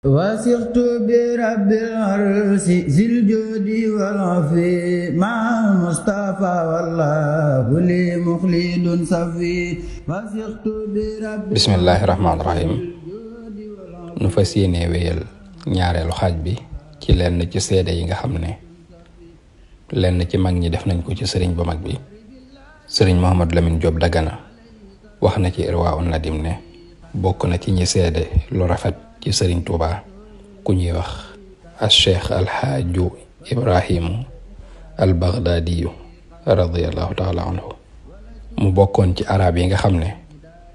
وثقت برب العرش nu fas yéene wéyal ñaareelu xaaj bi ci lenn ci seede yi nga xam ne lenn ci mag ñi def nañ ko ci sëriñ bu mag bi sëriñ Mouhamadou Lamine Diop Dagana wax na ci Irwaa un Nadim ne bokk na ci ñi seede lu rafet ci sëriñ Tuuba ku ñuy wax al cheikh alxaaju ibrahimu al baghdadiyu radiallahu taala anhu mu bokkoon ci araab yi nga xam ne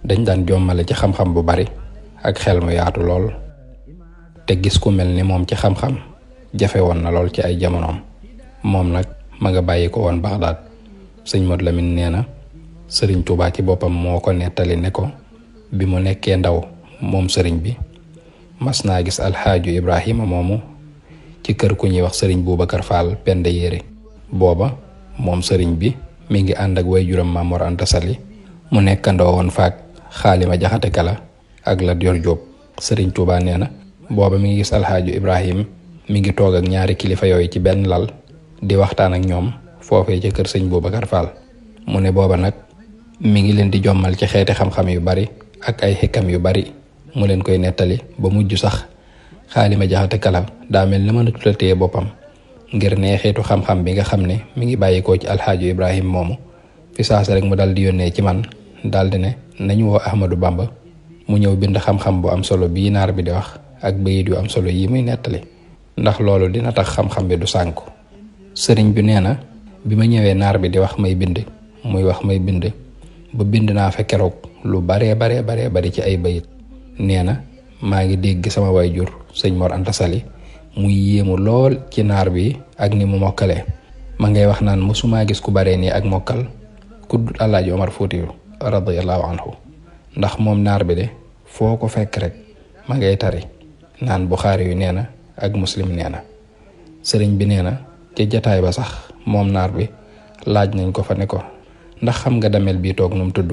dañ daan jommale ci xam-xam bu bari ak xel mu yaatu lool te gis ku mel ni moom ci xam-xam jafe woon na lool ci ay jamonoom moom nag ma nga bàyyi ko woon Bagdad sëñ Mod Lamin nee na sëriñ Tuubaa ci boppam moo ko nettali ne ko bi mu nekkee ndaw moom sëriñ bi mas naa gis alxaaju ibrahima moomu ci kër ku ñuy wax sëriñ Boubacar Fall pend yére booba moom sëriñ bi mi ngi ànd ak waajuram Maam Mor Anta Sali mu nekkandoo woon faak xaalima jaxate kala ak Lat Joor Jóob sëriñ Tuubaa na booba mi ngi gis alxaaju ibrahim mi ngi toog ak ñaari kilifa yooyu ci benn lal di waxtaan ak ñoom foofee ca kër sëñ Boubacar Fall mu ne booba nag mu ngi leen di jommal ci xeeti xam-xam yu bari ak ay xikam yu bari mu leen koy nettali ba mujj sax xaalima jaxate kalam daa mel ne mënatul a téye boppam ngir ne xam-xam bi nga xam ne mi ngi bàyyikoo ci ibrahim moomu fi saasa rek mu dal di yónnee ci man daal ne nañu woo ahmadu bamba mu ñëw bind xam-xam bu am solo bii naar bi di wax ak bayit yu am solo yi muy nettali ndax loolu dina tax xam-xam bi du sànku sëriñ bi nee na bi ma bi di wax may bind muy wax may bind ba bind naa fa keroog lu baree baree baree bari ci ay bayit nee na maa ngi dégg sama wayjur sëñ Mor Anta Sali mu yéemu lool ci naar bi ak ni mu mokkalee ma ngay wax naan mësumaa gis ku baree nii ak mokkal ku dul Alaaji Omar Fuutiyu radiyallahu anhu ndax moom naar bi de foo ko fekk rek ma ngay tari naan Buxaari yu nee na ak muslim nee na sëriñ bi nee na ca jataay ba sax moom naar bi laaj nañ ko fa ne ko ndax xam nga damel bii toog num tudd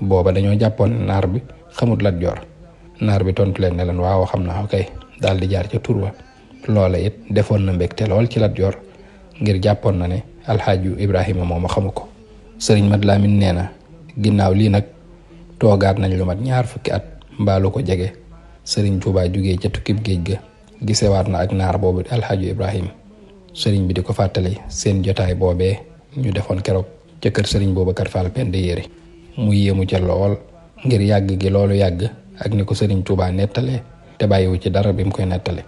booba dañoo jàppoon bi xamut Lat Joor naar bi tontu leen ne leen waaw xam naa ok daal di jaar ca tur wa loola it defoon na te lool ci Lat Joor ngir jàppoon na ne alxaaju Ibrahima moom a xamu ko sëriñ Mat Laamin nee na ginnaaw lii nag toggaat nañu lu mat ñaar fukki at mbaalu ko jege sëriñ Tuubaa jugee ca tukkib géej ga gisewaat na ak naar boobu alxaaju Ibrahima sëriñ bi di ko fàttali seen jotaay boobee ñu defoon keroog ca kër sëriñ Boubacar Fall Penda Yéeri mu yéemu ca lool ngir yàgg gi loolu yàgg ak ni ko Serigne Touba nettale te bàyyiwu ci dara bi mu koy nettale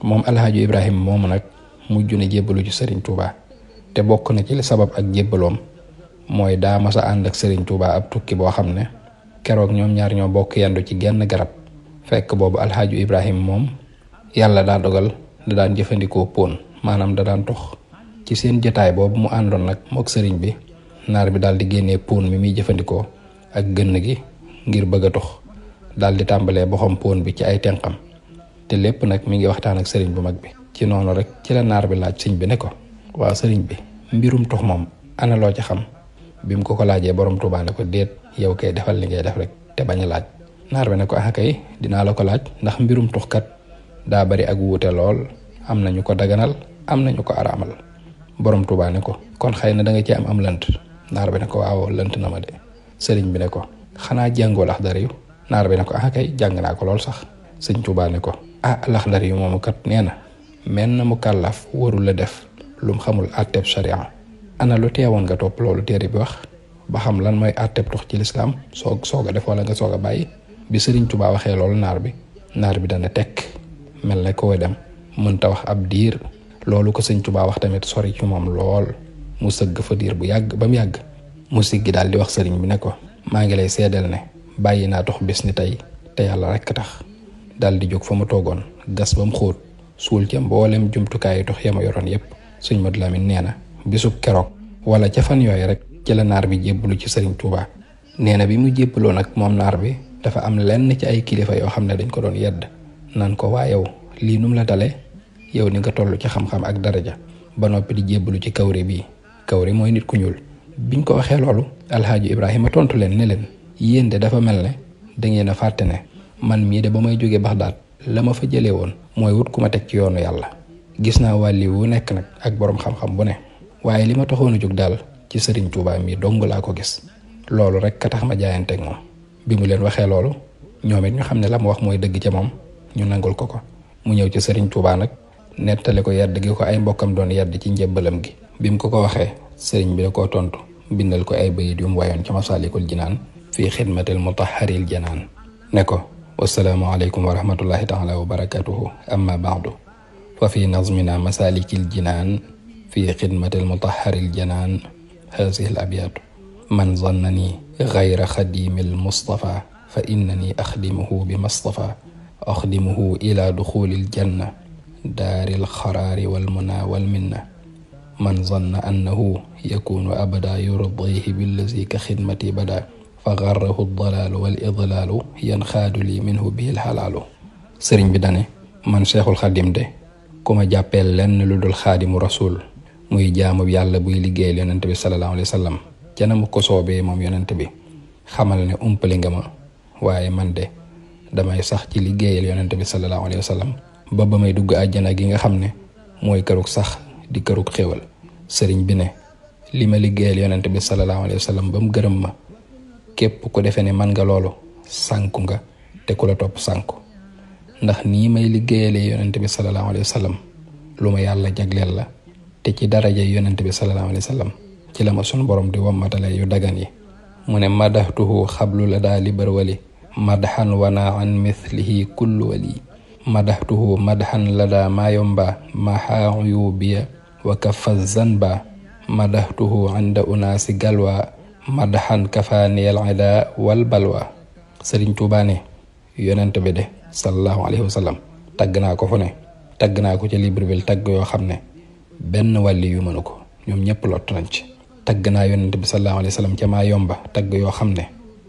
moom alxaaji Ibrahima moomu nag mujju ne jébbalu ci Serigne Touba te bokk na ci li sabab ak jébbaloom mooy daa mas a ànd ak Serigne Touba ab tukki boo xam ne keroog ñoom ñaar bokk yendu ci genn garab fekk boobu alxaaji ibrahim moom yàlla daa dogal da daan jëfandikoo poon maanaam da daan tox ci seen jataay boobu mu àndoon nag mook sëriñ bi naar bi daal di génnee poon mi muy jëfandikoo ak gënn gi ngir bëgg a tox daal di tàmbalee boxam poon bi ci ay tenqam te lépp nag mi ngi waxtaan ak sëriñ bu mag bi ci noonu rek ci la naar bi laaj sëñ bi ne ko waaw sëriñ bi mbirum tux moom ana loo ci xam bi mu ko ko laajee borom Tuubaa ne ko déet yow kay defal li ngay def rek te bañ a laaj naar bi ne ko dinaa la ko laaj ndax mbirum tuxkat daa bari ak wuute lool am nañu ko daganal am nañu ko araamal borom Tuubaa ne ko kon xëy na da nga ci am am lënt naar bi ne ko waaw lënt na ma de sëriñ bi ne ko xanaa jàngoo lax dara naar bi ne ko ah kay jàng naa ko lool sax sëñ Tuubaa ne ko ah laxdar yi moomu kat nee na men na mu kàllaf warul la def lum xamul àtteeb sharia ana lu teewoon nga topp loolu téere bi wax ba xam lan mooy àtteeb tux ci lislaam soog soog a def wala nga soog a bàyyi bi sëriñ Tuubaa waxee loolu naar bi naar bi dana tekk mel ne koo dem mënta wax ab diir loolu ko sëñ Tuubaa wax tamit sori ci moom lool mu sëgg fa diir bu yàgg ba mu yàgg mu siggi daal di wax sëriñ bi ne ko maa ngi lay seedeel ne bàyyi naa tox bis ni tey te yàlla rekk tax dal di jóg fa ma toogoon gas ba mu xóot suul ca mboolem jumtukaayu dox ya ma yoroon yépp suñ Modou Lamine nee na bisub keroog wala ca fan yooyu rek ci la naar bi jébbalu ci sëriñ Touba nee na bi mu jébbaloo nag moom naar bi dafa am lenn ci ay kilifa yoo xam ne dañ ko doon yedd naan ko waa yow lii num la dale yow ni nga toll ci xam-xam ak daraja ba noppi di jébbalu ci kawri bii kawri mooy nit ku ñuul biñ ko waxee loolu alxaaji Ibrahima tontu leen ne yéen de dafa mel ne a fàtte ne man mii de ba may jógee Baxdaad la ma fa jëlee woon mooy wut ku ma teg ci yoonu yàlla gis naa wàlli wu nekk nag ak borom xam-xam bu ne waaye li ma taxoon a jóg daal ci sëriñ Tuubaa mi dong laa ko gis loolu rek ka tax ma jaayanteeg moom bi mu leen waxee loolu ñoom it ñu xam ne la mu wax mooy dëgg ca moom ñu nangul ko ko mu ñëw ci sëriñ Tuubaa nag nettali ko yedd gi ko ay mbokkam doon yedd ci njëbbalam gi bi ko ko waxee sëriñ bi da koo tontu bindal ko ay bayit yu wayoon ca Masaalikul Jinaan في خدمة المطهر الجنان نكو والسلام عليكم ورحمة الله تعالى وبركاته أما بعد ففي نظمنا مسالك الجنان في خدمة المطهر الجنان هذه الأبيات من ظنني غير خديم المصطفى فإنني أخدمه بمصطفى أخدمه إلى دخول الجنة دار الخرار والمنى والمنة من ظن أنه يكون أبدا يرضيه بالذي كخدمتي بدأ فغره الضلال والإضلال yanxaadu lii minhu bihil xalaalu sëriñ bi dane man seexul xadim de ku ma jàppee lenn lu dul xaadimu rasul muy jaamu yàlla buy liggéeyal yonent bi salallaahu alayhi wa sallam ca na mu ko soobee moom yonent bi xamal ne umpali nga ma waaye man de damay sax ci liggéeyal yonent bi salallaahu alayhi wa sallam ba ba may dugg àjjana gi nga xam ne mooy kërug sax di kërug xéwal sëriñ bi ne li ma liggéeyal yonent bi salallaahu alayhi wa sallam ba mu gërëm ma képp ku defe ne man nga loolu sànku nga te ku la topp sànku ndax nii may liggéeyalee yonent bi sallallahu alayhi wa lu ma yàlla jagleel la te ci daraja yonent bi sallallahu alayhi wa ci la ma sunu borom di wammatale yu dagan yi mu ne madaxtuhu xablu la daa li barwali madaxan wana an mithlihi kullu wali madaxtuhu madaxan la daa maayomba maxaayu biya wa kafa zanba madaxtuhu anda unaasi galwa madaxan kafaaniyal ada wal balwa sëriñ Tuubaa ne yonent bi de sallallahu alayhi wa sallam tagg naa ko fu ne tagg naa ko ci Libreville tagg yoo xam ne benn wàlli yu mënu ko ñoom ñëpp lott nañ ci tagg naa yonent bi sallallahu alayhi wa sallam ca maa yomba tagg yoo xam ne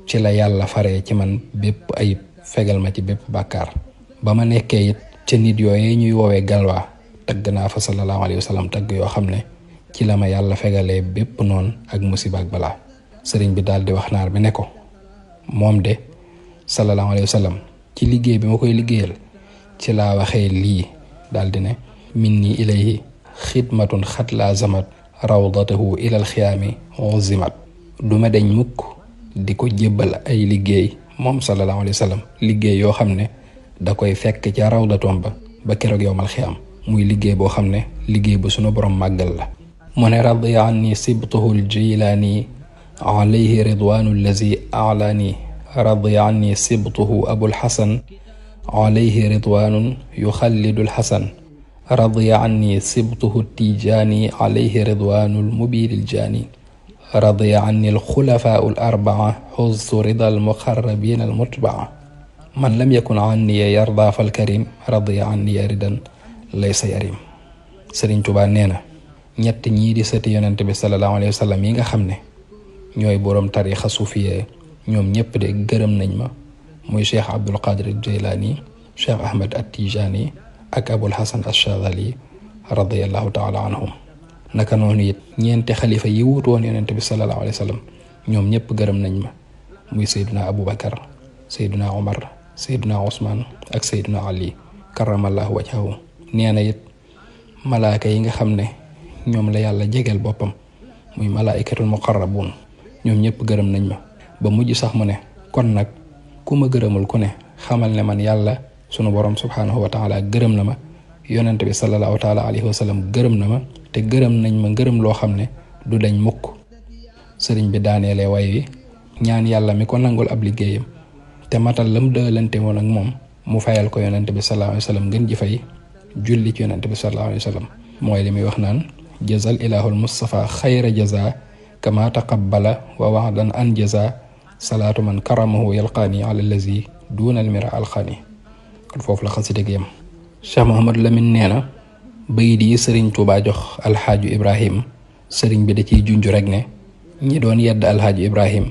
ci la yàlla fare ci man bépp ayib fegal ma ci bépp bàkkaar ba ma nekkee it ca nit yooyee ñuy woowe galwaa tagg naa fa sallallahu alayhi wa sallam yoo xam ne ci la ma yàlla fegalee bépp noon ak musiba ak balaa sëriñ bi daal wax naar bi ne ko de sallallahu alayhi wa sallam ci liggéey bi ma koy liggéeyal ci laa waxee lii daal ne minni ilayhi xidmatun xat laa zamat rawdatahu ilal xiyaami zimat duma deñ mukk di ko jébbal ay liggéey moom sallallahu alayhi wa sallam liggéey yoo xam ne da koy fekk ca rawdatoom ba ba keroog yowmal xiyaam muy liggéey boo xam ne bu sunu borom màggal la mu ne radiya anni sibtuhu aljilaani عليه رضوان الذي أعلاني رضي عني سبطه أبو الحسن عليه رضوان يخلد الحسن رضي عني سبطه التيجاني عليه رضوان المبير الجاني رضي عني الخلفاء الأربعة حظ رضا المخربين المتبعة من لم يكن عني يرضى فالكريم رضي عني يردا ليس يريم سرين Touba nee na ñett ñii di sëti yonent bi sallallahu alayhi ñooy borom tariixa suufiye ñoom ñëpp de gërëm nañ ma muy cheikh abdul qadir jeylaani cheikh ahmed at ak abul hasan ashadali radiallahu taala anhum naka noonu it ñeenti xalifa yi wut woon yonente bi salallahu alayhi wa sallam ñoom ñëpp gërëm nañ ma muy sayduna abubakar sayduna omar sayduna osman ak sayduna ali karamallahu wajhahu nee na it malaaka yi nga xam ne ñoom la yàlla jegeel boppam muy malaikatul muqarrabun ñoom ñëpp gërëm nañ ma ba mujj sax mu ne kon nag ku ma gërëmul ku ne xamal ne man yàlla sunu borom subhanahu wa taala gërëm na ma yonent bi sallallahu taala alayhi wa sallam gërëm na ma te gërëm nañ ma gërëm loo xam ne du dañ mukk sëriñ bi daaneelee way wi ñaan yàlla mi ko nangul ab liggéeyam te matal lam dëlante woon ak moom mu fayal ko yonent bi sallallahu alayhi wa sallam gën ji fay julli ci yonent bi sallallahu alayhi wa sallam mooy li muy wax naan jazal ilahul mustafa xayra jaza كما تقبل ووعدا أنجزا صلاة من كرمه يلقاني على الذي دون المراء الخاني كن فوف لا خنسي ديغيام شيخ محمد لامين نينا بي دي سيرن توبا جوخ الحاج ابراهيم سيرن بي داتي جونجو رك ني ني دون يد الحاج ابراهيم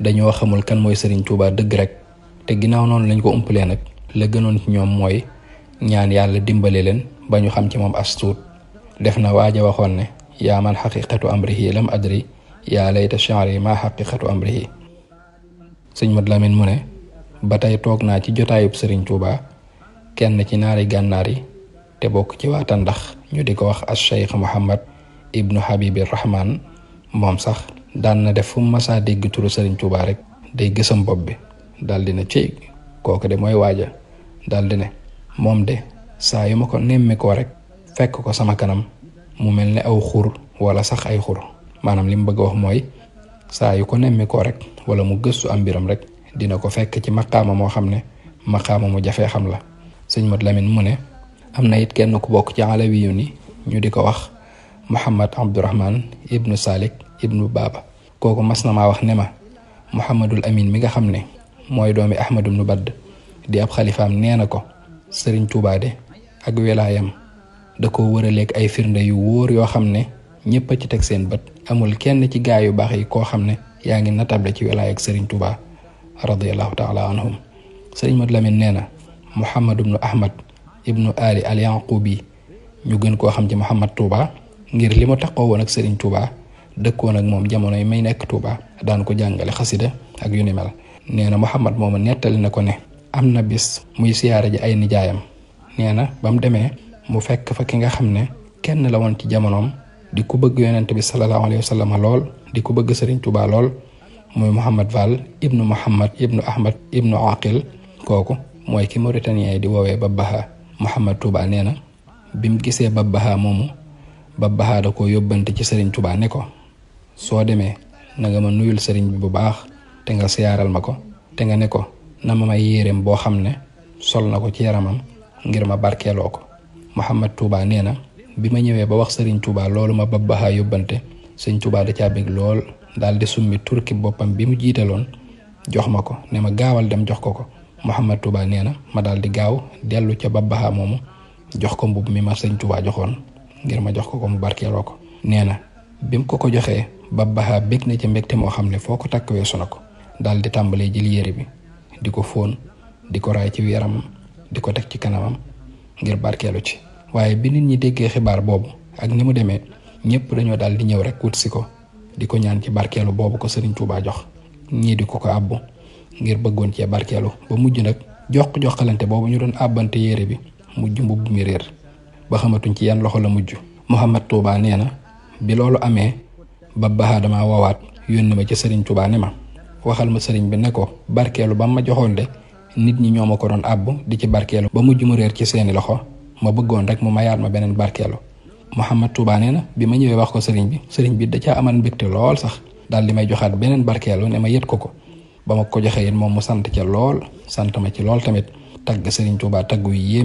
دانيو خمول كان موي سيرن توبا دغ رك تي غيناو نون لنجو امبلي نك لا غنون في نيوم موي نيان يالا ديمبالي لين با نيو خام تي موم استور دفنا واجا واخون يا من حقيقه امره لم ادري yaa layta chaari maa am amrihi sëñ ma Lamin mu ne ba tey toog naa ci jotaayub sëriñ Tuuba kenn ci naari gànnaar yi te bokk ci waa ndax ñu di ko wax as cheikh Mouhamad ibnu Habibi Rahman moom sax daan na def fu masaa dégg turu sëriñ Tuuba rek day gësëm bopp bi daal di ne ci kooku de mooy waaja daldi ne moom de saa yu ma ko nemmi koo rek fekk ko sama kanam mu mel ni aw xur wala sax ay xur manam lim bëgg wax mooy saa yu ko nemmi koo rek wala mu gëstu am biram rek dina ko fekk ci maqaama moo xam ne maqaama mu jafee xam la sëñ Mat Lamin mu ne am na it kenn ku bokk ci alawi yu ni ñu di ko wax Muhammad Abdurahman ibnu Salik ibnu Baaba kooku mas na maa wax ne ma Muhammadul Amin mi nga xam ne mooy doomi ahmad ibnu Badd di ab xalifaam nee na ko Sëriñ Tuubaa de ak welaayam da ko wëraleeg ay firnde yu wóor yoo xam ne ñëpp ci tek seen bët amul kenn ci gaay yu baax yi koo xam ne yaa ngi natable ci wilaay ak Serigne Touba radiallahu taala anhum Serigne Modou Lamine nee na Mouhamad ibnu Ahmad ibnu Ali al Yanqubi ñu gën koo xam ci Mouhamad Touba ngir li mu taxoo woon ak Serigne Touba dëkkoon ak moom jamono yi may nekk Touba daan ko jàngale xasida ak yu ni mel nee na Mouhamad mooma nettali na ko ne am na bis muy siyaare ji ay nijaayam nee na ba mu demee mu fekk fa ki nga xam ne kenn la woon ci jamonoom di ku bëgg yonent bi salallaahu alayhi wa sallam lool di ku bëgg sëriñ Tuubaa lool muy Mouhamad Fall ibnu Mouhamad ibnu Ahmad ibnu Aqil kooku mooy ki Mauritanien di woowee Babaha Mouhamad Touba nee na bim gisee Babaha moomu Babaha da koo yóbbante ci sëriñ Tuubaa ne ko soo demee na nga ma nuyul sëriñ bi bu baax te nga siyaaral ma ko te nga ne ko na ma may yéereem boo xam ne sol na ko ci yaramam ngir ma barkeeloo ko Mouhamad Touba nee na. bi ma ñëwee ba wax sëriñ Touba loolu ma babbaxaa yóbbante sëñ da caa bég lool daal di summi turki boppam bi mu jiitaloon jox ma ko ne ma gaawal dem jox ko ko Mouhamad Touba nee na ma daal di gaaw dellu ca babbaxaa moomu jox ko mbubb mi ma sëñ Touba joxoon ngir ma jox ko ko mu barkeeloo ko nee na bim ko ko joxee babbaxaa bég na ca mbégte moo xam ne foo ko takk weesu na ko daal di tàmbalee jël yére bi di ko fóon di ko raay ci yaramam di ko teg ci kanamam ngir barkeelu ci waaye bi nit ñi déggee xibaar boobu ak ni mu demee ñëpp dañoo daal di ñëw rek wut si ko di ko ñaan ci barkeelu boobu ko Serigne Touba jox ñii di ko ko àbbu ngir bëggoon cee barkeelu ba mujj nag jox joxalante boobu ñu doon àbbante yére bi mujj mbubb mi réer ba xamatuñ ci yan loxo la mujj. Mouhamad Touba nee na bi loolu amee ba baax damaa woowaat yónni ma ci Serigne Touba ne ma waxal ma Serigne bi ne ko barkeelu ba ma joxoon de nit ñi ñoo ma ko doon àbb di ci barkeelu ba mujj mu réer ci seeni loxo. ma bëggoon rek mu mayaat ma beneen barkeelu Mouhamad Touba nee na bi ma ñëwee wax ko sëriñ bi sëriñ bi da caa amal mbégte lool sax daal di may joxaat beneen barkeelu ne ma yët ko ko ba ma ko joxee it moom mu sant ca lool sant ma ci lool tamit tagg sëriñ Touba taggu yu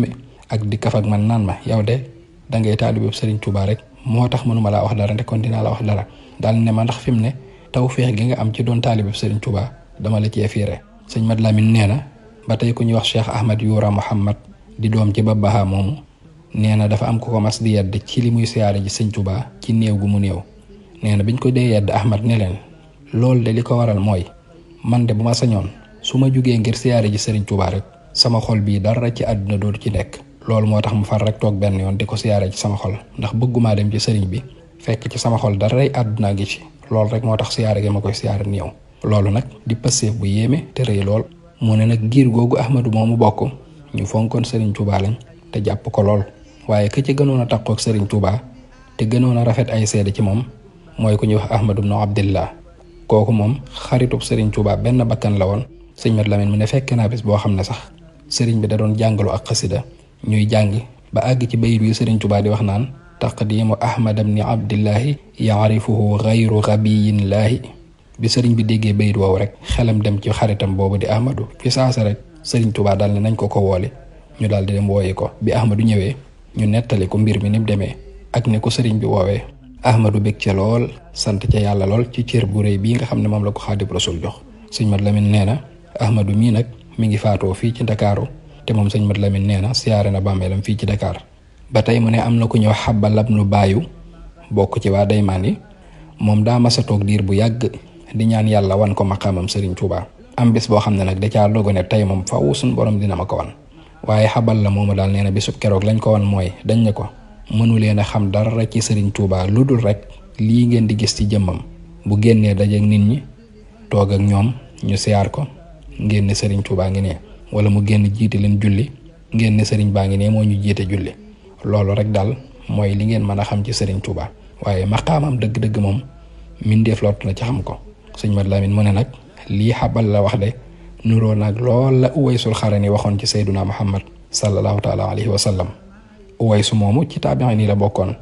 ak di kaf ak man naan ma yow de da ngay taalibu sëriñ Touba rek moo tax mënuma laa wax dara te kon dinaa la wax dara daal ne ma ndax fi mu ne tawféex gi nga am ci doon taalibu sëriñ Touba dama la cee fiire sëñ Mat laa Lamine nee na ba tey ku ñuy wax Cheikh Ahmad Youra Mouhamad di doom ci ba baaxa moomu nee na dafa am ku ko mas di yedd ci li muy siyaare ji sëñ Tuubaa ci néew gu mu néew nee na ñu ko dee yedd Ahmad ne leen loolu de li ko waral mooy man de bu ma sañoon su ma jógee ngir siyaare ji sëriñ Tuubaa rek sama xol bii dara ci àdduna dootu ci nekk loolu moo tax mu far rek toog benn yoon di ko siyaare ci sama xol ndax bëggumaa dem ci sëriñ bi fekk ci sama xol daray àdduna gi ci loolu rek moo tax siyaare gi ma koy siyaare néew loolu nag di passeef bu yéeme te rëy lool mu ne nag giir googu Ahmadu moomu bokk ñu fonkoon sëriñ Tuubaa lañ te jàpp ko lool waaye ki ci gënoon a taqoo ak sëriñ Touba te gënoon a rafet ay seede ci moom mooy ku ñu wax ahmadou bnu Abdillah kooku moom xaritub sëriñ Touba benn bakkan la woon sëñ Mat Lamin mu ne fekk naa bis boo xam ne sax sëriñ bi da doon jàngalu ak xasida ñuy jàng ba àgg ci bayit wi sëriñ Touba di wax naan taqdimu Ahmad bni Abdillahi yaarifuhu gayru rabiyillaahi bi sëriñ bi déggee bayit woowu rek xelam dem ci xaritam boobu di ahmadou fi saasa rek sëriñ Touba daal ne nañ ko ko woole ñu daal di dem wooyi ko bi ahmadou ñëwee ñu nettali ko mbir mi ni demee ak ne ko sëriñ bi woowee ahmadu bég ca lool sant ca yàlla lool ci cër bu réy bii nga xam ne moom la ko xaadim rasul jox sëñ mat lamin nee na ahmadu mii nag mi ngi faatoo fii ci ndakaaru te moom sëñ mat lamin nee na siyaare na bàmmeelam fii ci Dakar ba tey mu ne am na ku ñëw xabba lab nu baayu bokk ci waa daymaan moom daa masa toog diir bu yàgg di ñaan yàlla wan ko maqaamam sëriñ Tuubaa am bés boo xam ne nag da caa dogo ne tey moom faw suñ borom dina ma ko waaye xabal la moomu daal nee na bisub keroog lañ ko wan mooy dañ ne ko mënu leen a xam dara ci sëriñ Tuubaa lu rek lii ngeen di gis ci jëmmam bu génnee dajeek nit ñi toog ak ñoom ñu siyaar ko ngeen ne sëriñ Tuubaa ngi nee wala mu génn jiite leen julli ngeen ne sëriñ baa ngi nee moo ñu jiite julli loolu rek daal mooy li ngeen mën a xam ci sëriñ Tuubaa waaye maqaamam dëgg-dëgg moom min lott na ci xam ko sëñ Mat mu ne nag lii xabal la wax de nuroo nag lool la uwaysul xarani waxoon ci sayduna muhammad sallallahu taala alayhi wa sallam uwaysu moomu ci taabiin yi la bokkoon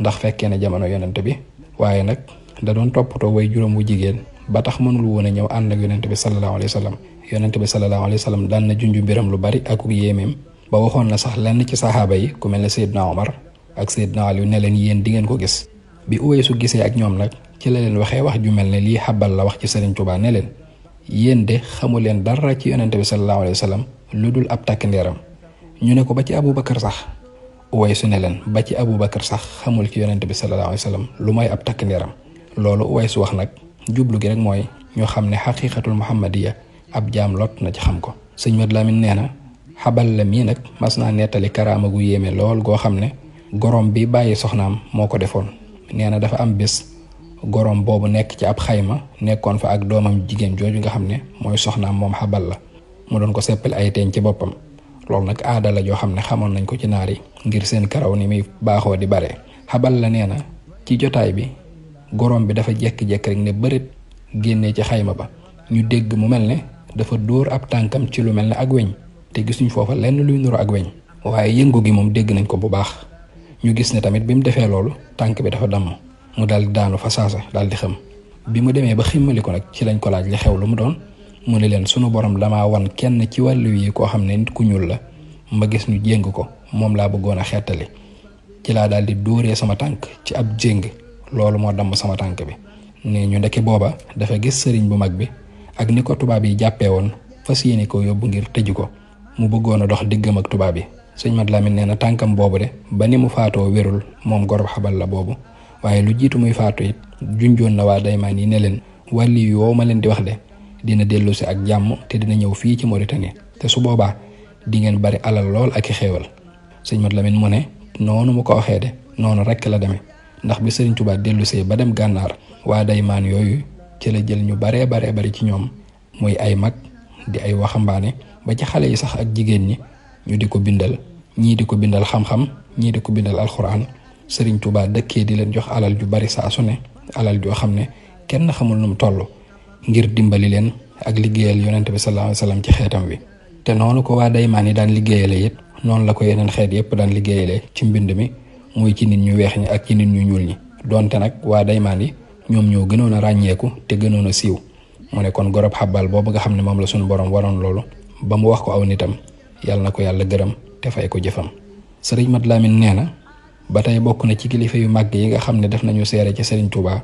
ndax fekkee ne jamono yonent bi waaye nag da toppatoo way juróom wu jigéen ba tax mënul woon a ñëw ànd ak yonent bi sallallahu alayhi wa sallam yonent bi sallallahu alayhi wa sallam daan na junju mbiram lu bari akuk yéemeem ba waxoon na sax lenn ci saxaaba yi ku mel ne Seydina Omar ak Seydina Ali ne leen yéen di ngeen ko gis bi uwaysu gisee ak ñoom nag ci la leen waxee wax ju mel ne lii xabal la wax ci Sëriñ Tuubaa leen yéen de xamu dara ci yonente bi sallallahu alayhi wa sallam lu dul ab takk ñu ne ko ba ci abubakar sax Uways su ne leen ba ci abubakar sax xamul ci yonente bi sallallahu alayhi wa sallam lu may ab takk loolu su wax nag jublu gi rek mooy ñu xam ne xaqiqatul muhammadiya ab jaam lot na ci xam ko sëñ Mad Lamin nee na xabal la mii nag mas naa nettali karaama gu yéeme lool goo xam ne gorom bi bàyyi soxnaam moo ko defoon nee na dafa am bés goroom boobu nekk ci ab xayma nekkoon fa ak doomam jigéen jooju nga xam ne mooy soxnaam moom xabal la mu doon ko seppal ay teen ci boppam loolu nag aadala joo xam ne xamoon nañ ko ci naar yi ngir seen karaw ni muy baaxoo di bare xabal la nee na ci jotaay bi goroom bi dafa jekki-jekki rek ne bërit génne ci xayma ba ñu dégg mu mel ne dafa dóor ab tànkam ci lu mel ne ak weñ te gisuñ foofa lenn luy nuru ak weñ waaye yëngu gi moom dégg nañ ko bu baax ñu gis ne tamit bi mu defee loolu tànk bi dafa damm mu daal di daanu fa saasa daal di xam bi mu demee ba ximmali ko nag ci lañ ko laaj li xew lu mu doon mu ne leen sunu borom damaa wan kenn ci wàllu yi koo xam ne nit ku ñuul la ma gis nu jéng ko moom laa bëggoon a xettali ci laa daal di dóoree sama tànk ci ab jéng loolu moo damm sama tànk bi ne ñu ndeke booba dafa gis sëriñ bu mag bi ak ni ko tubaab yi jàppee woon fas yéene ko yóbbu ngir tëj ko mu bëggoon a dox diggam ak tubaab yi sëñ Mat laa mel nee na tànkam boobu de ba ni mu faatoo wérul moom gorob xabal la boobu waaye lu jiitu muy faatu juñ junjoon na waa daymaan yi ne leen wàlli yu ma leen di wax de dina dellu si ak jàmm te dina ñëw fii ci Mauritanie te su boobaa di ngeen bari alal lool ak i xéewal sëñ Mat Lamin mu ne noonu mu ko waxee de noonu rekk la demee ndax bi sëriñ Tuubaa dellu see ba dem gànnaar waa daymaan yooyu ci la jël ñu baree baree bari ci ñoom muy ay mag di ay waxambaane ba ci xale yi sax ak jigéen ñi ñu di ko bindal ñii di ko bindal xam-xam ñii di ko bindal alxuraan Serigne Touba dëkkee di leen jox alal ju bari saa su ne alal joo xam ne kenn xamul nu mu toll ngir dimbali leen ak liggéeyal yonent bi sallallahu alayhi wasallam ci xeetam wi. te noonu ko waa daymaan yi daan liggéeyale it noonu la ko yeneen xeet yépp daan liggéeyale ci mbind mi muy ci nit ñu weex ñi ak ci nit ñu ñuul ñi donte nag waa daymaan yi ñoom ñoo gënoon a ràññeeku te gënoon a siiw mu ne kon gorob xabal boobu nga xam ne moom la suñu borom waroon loolu ba mu wax ko aw nitam yàlla na ko yàlla gërëm te fay ko jëfam sëriñ Mat Lamin nee na batay bokku na ci kilifa yu mag yi nga xamne def nañu séré ci Serigne Touba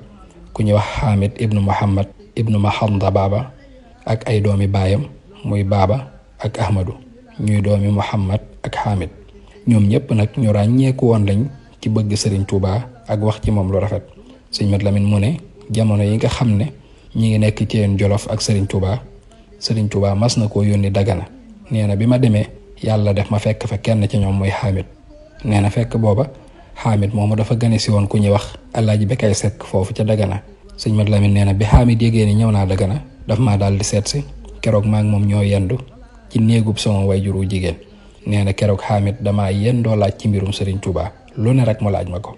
ku ñu wax Hamid ibnu Muhammad ibnu mahamda Baba ak ay doomi bayam muy Baba ak Ahmadu ñuy doomi Muhammad ak Hamid ñom ñëpp nak ñu ràññeeku won lañ ci bëgg Serigne Touba ak wax ci mom lu rafet serigne Mat Lamin mu jamono yi nga xamne ñi ngi nekk ci yéen Jolof ak Serigne Touba Serigne Touba mas na koo Dagana neena bima démé yàlla def ma fekk fa kenn ci ñom muy Hamid neena fekk boba xaamid moomu dafa gane si woon ku ñuy wax alaaji Bekay Seck foofu ca Dagana sëñ Mat Lamin nee na bi xaamid yégée ni ñëw naa Dagana daf maa daal di seet si keroog maak moom ñoo yendu ci néegub sama wayjur wu jigéen nee na keroog xaamid dama yendoo laaj ci mbirum sëriñ Touba lu ne rek mu laaj ma ko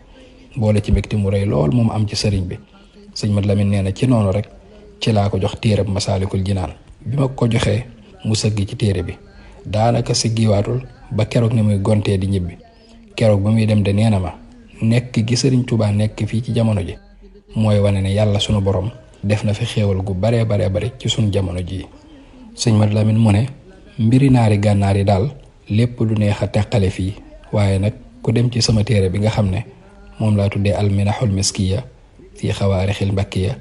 boole ci mbégte mu rëy lool moom am ci sëriñ bi sëñ Mat Lamin nee na ci noonu rek ci laa ko jox téere téereb Masaalikul Jinaan bi ma ko joxee mu sëgg ci téere bi daanaka siggiwaatul ba keroog ni muy di ñibbi kérok ba muy dem de nee na ma nekk gi sëriñ Tuubaa nekk fii ci jamono ji mooy wane ne yàlla sunu borom def na fi xéewal gu bare bare bare ci sunu jamono ji sëñ Madu Lamin mu ne mbiri naari gànnaar yi daal lépp lu neex a teqale fii waaye nag ku dem ci sama téere bi nga xam ne moom laa tuddee alminaxul miskiya fii xawaarixil mbakkiya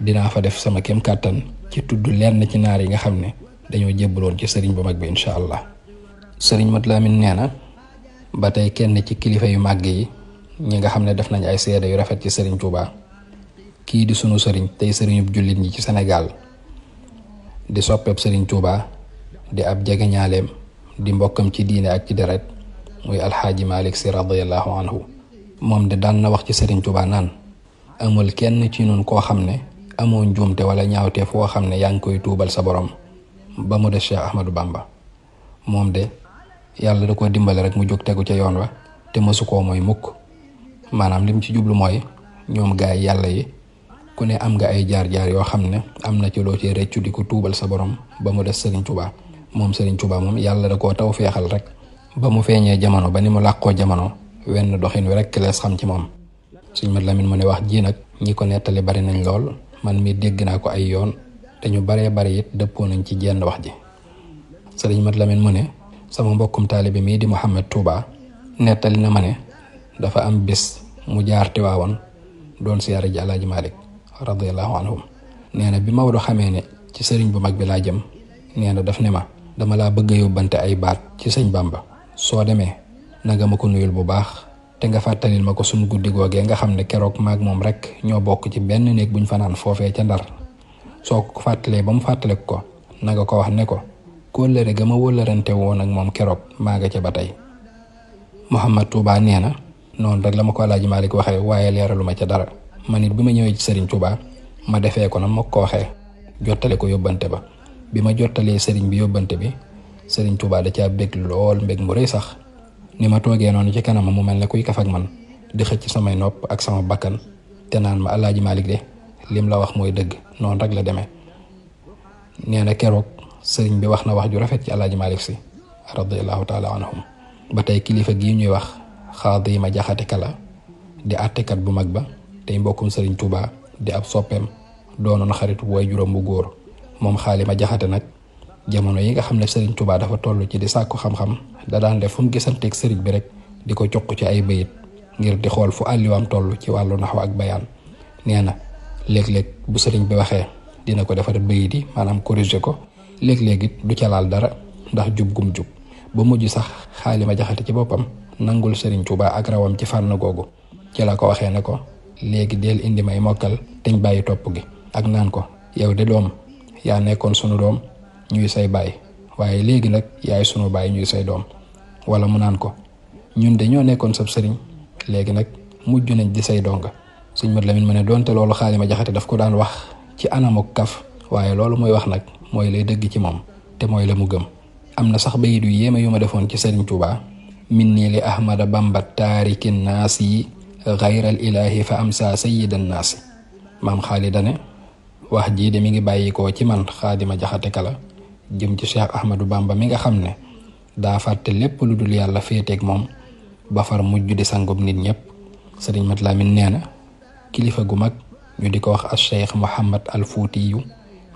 dinaa fa def sama kem kàttan ci tudd lenn ci naar yi nga xam ne dañoo jébbaloon ci sëriñ bu mag bi incha allah sëriñ Madu Lamin nee na ba tey kenn ci kilifa yu màgg yi ñi nga xam ne def nañ ay seede yu rafet ci sëriñ Touba kii di sunu sëriñ tey sëriñub jullit ñi ci senegaal di soppeeb sëriñ Touba di ab jegeñaaleem di mbokkam ci diine ak ci deret muy alxaaji Malick si radiyallahu anhu moom de daan na wax ci sëriñ Touba naan amul kenn ci nun koo xam ne amoo juumte wala ñaawte foo xam ne yaa ngi koy tuubal sa borom ba mu des Cheikh Ahmadou Bamba moom de yàlla da ko dimbali rek mu jóg tegu ca yoon wa te mësu koo mooy mukk maanaam lim ci jublu mooy ñoom gaay yàlla yi ku ne am nga ay jaar-jaar yoo xam ne am na ci loo ci rëccu di ku tuubal sa borom ba mu des seriñ Touba moom Serigne Touba moom yàlla da koo taw feexal rek ba mu feeñee jamono ba ni mu làqoo jamono wenn doxin wi rek lees xam ci moom Sëñ Mat Lamin mu ne wax jii nag ñi ko nettali bari nañ lool man mii dégg naa ko ay yoon te ñu baree bari it dëppoo nañ ci jenn wax ji Sëriñ Mat Lamin mu ne sama mbokkum taalibe mii di Mouhamed Touba nettali na ma ne dafa am bis mu jaar Tiwaawan doon siyaare ji Alaaji Malik radiyallahu anhum nee na bi Maodo xamee ne ci sëriñ bu mag bi laa jëm nee na daf ne ma dama laa bëgg a yóbbante ay baat ci sëñ ba soo demee nanga ma ko nuyul bu baax te nga fàttalil ma ko suñ guddi googee nga xam ne keroog maag moom rek ñoo bokk ci benn néeg buñ fanaan foofee ca Ndar soo ko fàttalee ba mu fàttaleeku ko nanga ko wax ne ko kóllëre ga ma wóllërante woon ak moom keroog maa nga ca ba tey Mouhamad Touba nee na noonu rek la ma ko Alaaji Malik waxee waaye leeralu ma ca dara man it bi ma ñëwee ci Serigne Touba ma defee ko na mook ko waxee jottale ko yóbbante ba bi ma jottalee Serigne bi yóbbante bi Serigne Touba da caa bég lool mbég mu rëy sax ni ma toogee noonu ci kanam mu mel na kuy kaf ak man di xëcc samay nopp ak sama bakkan te naan ma Alaaji Malik de lim la wax mooy dëgg noonu rek la demee nee sëriñ bi wax na wax ju rafet ci alaaji Malick si radiallahu taala anhum ba tey kilifa gii ñuy wax xaadi ma jaxate kala di àttekat bu mag ba tey mbokkum sëriñ Touba di ab soppeem doonoon xaritu way juróom bu góor moom xaali ma jaxate nag jamono yi nga xam ne sëriñ Touba dafa toll ci di sàkku xam-xam da daan def fu mu gisanteeg sëriñ bi rek di ko cuq ci ay bayit ngir di xool fu àlliwaam toll ci wàllu naxwa ak bayaan nee na léeg-léeg bu sëriñ bi waxee dina ko defar bayit yi maanaam corriger ko léegi léeg du calaal dara ndax jub gum jub ba mujj sax xaalima jaxate ci boppam nangul sëriñ Touba ak rawam ci fànn googu ci la ko waxee ne ko léegi del indi may mokkal teñ bàyyi topp gi ak naan ko yow de doom yaa nekkoon sunu doom ñuy say baay waaye léegi nag yaay sunu baay ñuy say doom wala mu naan ko ñun de ñoo nekkoon sab sëriñ léegi nag mujj nañ di say donga suñ Mat Lamin mu ne doonte loolu xaalima jaxate daf ko daan wax ci anamuk kaf waaye loolu muy wax nag mooy lay dëgg ci moom te mooy la mu gëm am na sax bayit yu yéeme yu ma defoon ci Sëriñ Tuubaa min nii li ahmada bamba taariki naas yi al ilahi fa am saa sayidan naas maam xaalida ne wax jii de mi ngi bàyyikoo ci man xaadima jaxate kala jëm ci Cheikh Ahmadou Bamba mi nga xam ne daa fàtte lépp lu dul yàlla féeteeg moom ba far mujj di sangub nit ñëpp sëriñ Mat Lamin nee na kilifa gu mag ñu di ko wax al Cheikh Mouhamad al Fuutiyu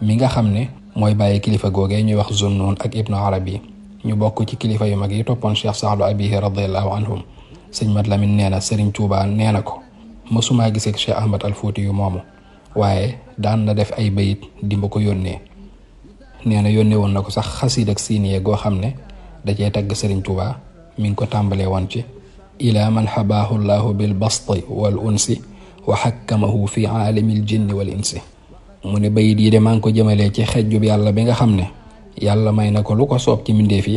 mi nga xam ne mooy bàyyi kilifa googee ñuy wax Zunnun ak Ibnu Arabi ñu bokk ci kilifa yu mag yi toppoon Cheikh Saadu Abihi radiallahu anhum sëñ Mat Lamin nee na Sëriñ Tuubaa nee na ko mësumaa gisek Cheikh Ahmad al fouti yu moomu waaye daan na def ay bayit dimba ko yónnee nee na yónnee woon na ko sax xasiid ak sinie goo xam ne da cee tagg Sëriñ Tuubaa mi ngi ko tàmbalee woon ci ila man xabaahu llahu bil basti wal unsi wa xakkamahu fi aalami al wal insi mu ne bayit yi de maa ngi ko jëmalee ci xejjub yàlla bi nga xam ne yàlla may na ko lu ko soob ci mbindeef fi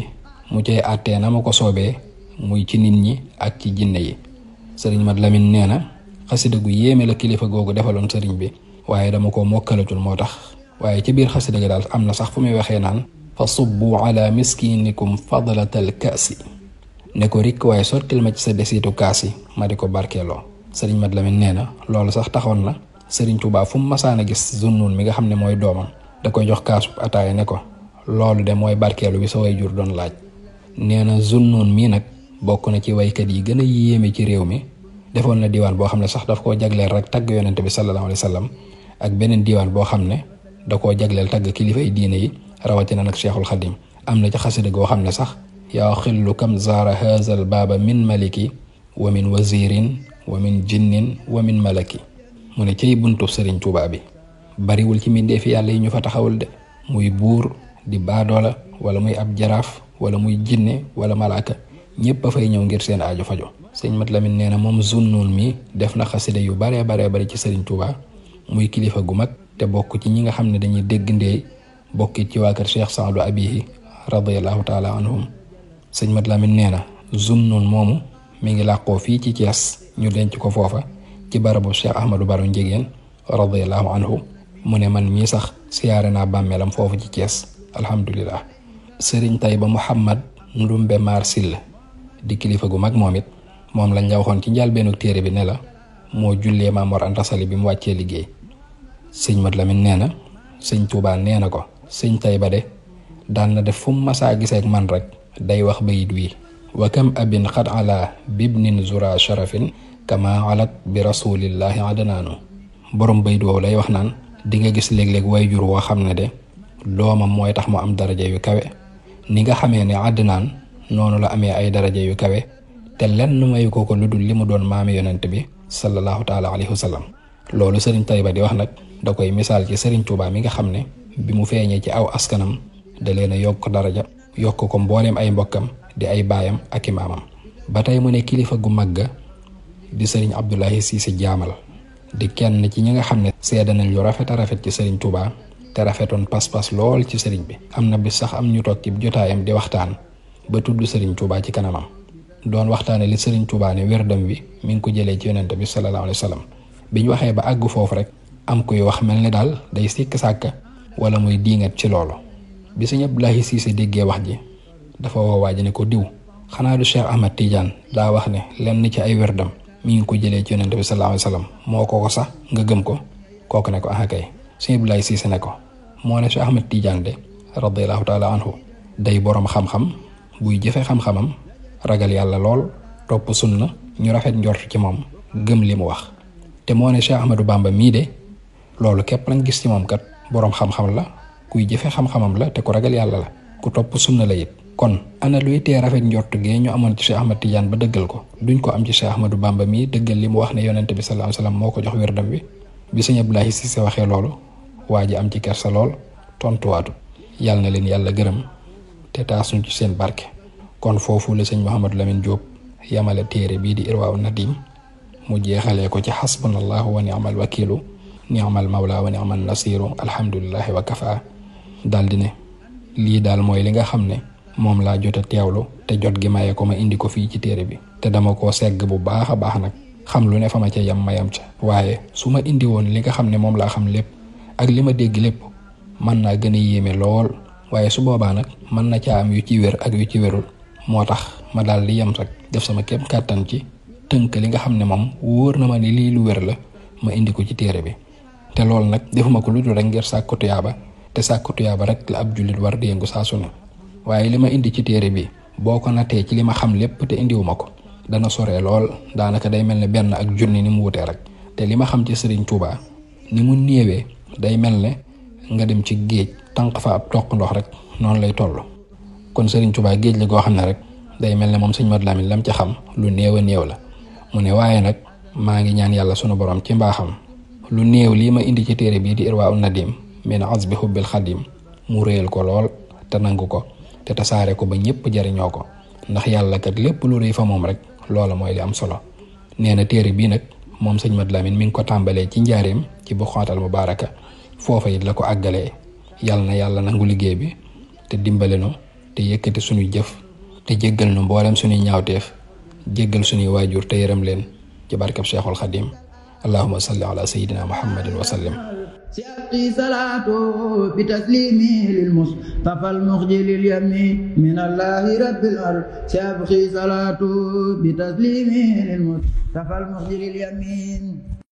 mu cay àttee na ma ko soobee muy ci nit ñi ak ci jinne yi sëriñ Mat Lamin nee na xasida gu yéeme la kilifa googu defaloon sëriñ bi waaye dama ko mokkalatul moo tax waaye ci biir xasida ga daal am na sax fu muy waxee naan fa subbu ala miskinikum al kaasi ne ko rikk waaye sottil ma ci sa desitu kaas yi ma di ko barkeeloo sëriñ Mat Lamin nee na loolu sax taxoon na Serigne Touba fu mu masaan a gis zunnun mi nga xamne moy domam da koy jox kaasub ataaya ne ko lolou de moy barkelu bi sa way jur don laaj neena zunnun mi nak bokku na ci way kat yi gëna yéme ci réew mi defon na diwan bo xamne sax daf ko jaglel rek tag yonent bi sallallahu alayhi wasallam ak benen diwan bo xamne da ko jaglel tag kilifa yi diine yi rawatina nak Cheikhul khadim amna ci xasida go xamne sax yaa xillu kam zaara haazal baaba min maliki wa min wazirin wa min jinnin wa min malaki mu ne cey buntu sëriñ Tuubaa bi bariwul ci mbindeefi yàlla yi ñu fa taxawul de muy buur di baadoola wala muy ab jaraaf wala muy jinne wala malaaka ñëpp a fay ñëw ngir seen aajo fajo sëñ Mat Lamin nee na moom Zunnun mi def na xasida yu bare bare bare ci sëriñ Tuubaa muy kilifa gu mag te bokk ci ñi nga xam ne dañuy dégg ndey bokki ci waa kër Cheikh Saadu Abihi radiallahu taala anhum sëñ Mat Lamin nee na Zunnun moomu mi ngi làqoo fii ci Cees ñu denc ko foofa ci barabu cheikh ahmadou barou njegeen radiyallahu anhu mune man mi sax siyaare na bàmmeelam fofu ci ties alhamdullilah serigne Tayba Muhammad Ndumbe marsil di kilifa gu mag momit mom lañ la waxon ci benu téré bi néla mo julé ma mor Anta bi mu waccé serigne Mat ko serigne Tayba de dal na def fu massa gisé ak man rek day wax bayit wi وكم أب قد علا بابن زرا شرف kama alat bi rasulillahi adanaanu borom bayit woowu lay wax naan di nga gis léeg-léeg wayjur woo xam ne de doomam mooy tax mu am daraja yu kawe ni nga xamee ne àddinaan noonu la amee ay daraja yu kawe te lenn mayu ko ko lu dul li mu doon maami yonent bi sallallahu taala alayhi wa sallam loolu sëriñ Tayba di wax nag da koy misaal ci sëriñ Tuubaa mi nga xam ne bi mu feeñee ci aw askanam da leen a yokk daraja yokk ko mbooleem ay mbokkam di ay bayam ak imamam maamam ba tey mu ne kilifa gu magga di serigne Abdoulaye Cissé jamal di kenn ci ñinga xamne xam nañ lu rafet rafet ci serigne Touba te pas-pas lol ci serigne bi amna bi sax am ñu tok ci jotaayam di waxtaan ba tuddu serigne Touba ci kanamam doon waxtaane li serigne Touba ne werdam wi mi ngi ko jëlee ci yonent bi sallallahu alayhi wasallam biñ waxee ba aggu fofu rek am koy wax melni dal. day sik sak wala muy diingat ci loolu bi serigne wax ji dafa woo ne ko diw xanaa lu Cheikh Ahmad Tidiane daa wax ne lenn ci ay werdam mi ngi ko jëlee ci yonente sallallahu sallam moo ko ko sax nga gëm ko kooku ne ko aha kay sëñ Abdoulaye ne ko moo ne Cheikh Ahmad Tidiane de radiyallahu taala anhu day borom xam-xam buy jëfe xam-xamam ragal yàlla lool topp sunna ñu rafet njort ci moom gëm li mu wax te moo ne Cheikh Ahmadou Bamba mii de loolu képp lañ gis ci moom kat borom xam-xam la kuy jëfe xam-xamam la te ku ragal yàlla la ku topp sunna la it kon ana luy tee rafet njort gee ñu amoon ci Cheikh Ahmad Tidiane ba dëggal ko duñ ko am ci Cheikh Ahmadou Bamba mi dëggal li mu wax ne yonent bi sallallahu alayhi moo ko jox wérdam bi bi sëñ Abdoulaye Cissé waxee loolu waa ji am ci kersa lool tontuwaatu yàlla na leen yàlla gërëm te taasuñ ci seen barke kon foofu la sëñ Mouhamadou Lamine Diop yamale téere bii di irwaaw nadim mu jeexalee ko ci xasbunallahu wa ni'mal wakilu ni'mal mawla wa ni'mal nasiru Alhamdulillah wa kafa Dal di lii daal mooy li nga xam ne moom laa jot a teewlu te jot gi maye ko ma indi ko fii ci téere bi te dama koo segg bu baax a baax nag xam lu ne fa ma ca yam mayam ca waaye su ma indi woon li nga xam ne moom laa xam lépp ak li ma dégg lépp mën naa gën a yéeme lool waaye su boobaa nag mën na caa am yu ci wér ak yu ci wérul moo tax ma daal di yem sax def sama kéem kàttan ci tënk li nga xam ne moom wóor na ma ni lii lu wér la ma indi ko ci téere bi te loolu nag defuma ko lu dul rek ngir sàkku tuyaaba te sàkku tuyaaba rek la ab jullit war déngu saa su waaye li ma indi ci téere bi boo ko nattee ci li ma xam lépp te indiwuma ko dana sore lool daanaka day mel ne benn ak junni ni mu wutee rek te li ma xam ci Serigne Touba ni mu néewee day mel ne nga dem ci géej tànq fa ab toq ndox rek noonu lay toll kon sëriñ Touba géej la goo xam ne rek day mel ne moom sëñ Mate Lamine lam ci xam lu néew néew la mu ne waaye nag maa ngi ñaan yàlla sunu borom ci mbaaxam lu néew lii ma indi ci téere bii di Irwaa un Nadim min azbi hubbil xadim mu réyal ko lool te nangu ko te tasaare ko ba ñëpp jariñoo ko ndax yàlla kat lépp lu rëy fa moom rek loola mooy li am solo nee na téere bii nag moom sëñ Mat mi ngi ko tàmbalee ci njaareem ci bu mu mubaaraka foofa it la ko àggalee yàlla na yàlla nangu liggéey bi te dimbale nu te yëkkati suñu jëf te jéggal nu mboolem suñuy ñaawteef jéggal suñuy waajur te yërëm leen ci barkeb Cheikhul Xadim allahuma salli ala sayidina muhammadin wa sallim سيبقي صلاته بتسليمه للمصطفى المخجل اليمين من الله رب الأرض سيبقي صلاته بتسليمه للمصطفى المخجل اليمين